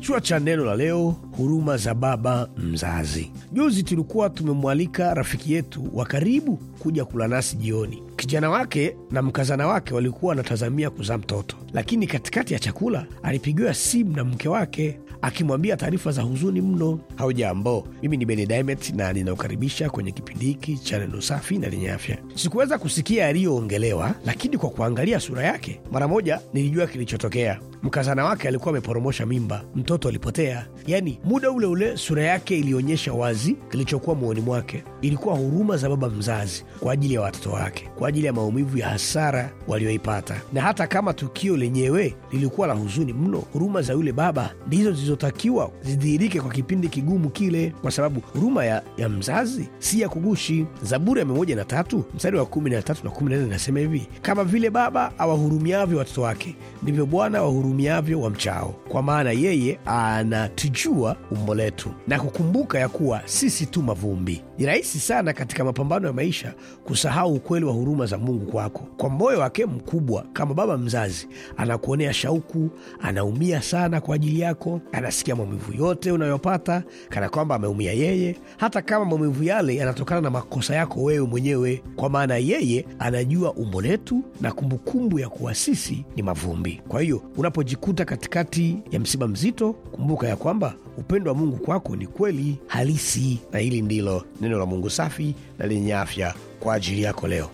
Kichwa cha neno la leo: huruma za baba mzazi. Juzi tulikuwa tumemwalika rafiki yetu wa karibu kuja kula nasi jioni. Kijana wake na mkazana wake walikuwa wanatazamia kuzaa mtoto, lakini katikati ya chakula alipigiwa simu na mke wake akimwambia taarifa za huzuni mno. Haujambo, mimi ni Beni na ninaokaribisha kwenye kipindi hiki cha neno safi na lenye afya. Sikuweza kusikia yaliyoongelewa, lakini kwa kuangalia sura yake mara moja nilijua kilichotokea. Mkazana wake alikuwa ameporomosha mimba, mtoto alipotea. Yaani muda ule ule sura yake ilionyesha wazi kilichokuwa moyoni mwake. Ilikuwa huruma za baba mzazi kwa ajili ya watoto wake, kwa ajili ya maumivu ya hasara walioipata. Na hata kama tukio lenyewe lilikuwa la huzuni mno, huruma za yule baba ndizo zilizotakiwa zidhihirike kwa kipindi kigumu kile, kwa sababu huruma ya, ya mzazi si ya kugushi. Zaburi ya mia moja na tatu mstari wa kumi na tatu na kumi na nne inasema hivi: kama vile baba awahurumiavyo watoto wake, ndivyo Bwana awahurumia wa mchao kwa maana yeye anatujua umbo letu na kukumbuka ya kuwa sisi tu mavumbi. Ni rahisi sana katika mapambano ya maisha kusahau ukweli wa huruma za Mungu kwako. Kwa moyo wake mkubwa, kama baba mzazi, anakuonea shauku, anaumia sana kwa ajili yako, anasikia maumivu yote unayopata kana kwamba ameumia yeye, hata kama maumivu yale yanatokana na makosa yako wewe mwenyewe, kwa maana yeye anajua umbo letu na kumbukumbu ya kuwa sisi ni mavumbi. Kwa hiyo unapo unapojikuta katikati ya msiba mzito, kumbuka ya kwamba upendo wa Mungu kwako ni kweli halisi, na hili ndilo neno la Mungu safi na lenye afya kwa ajili yako leo.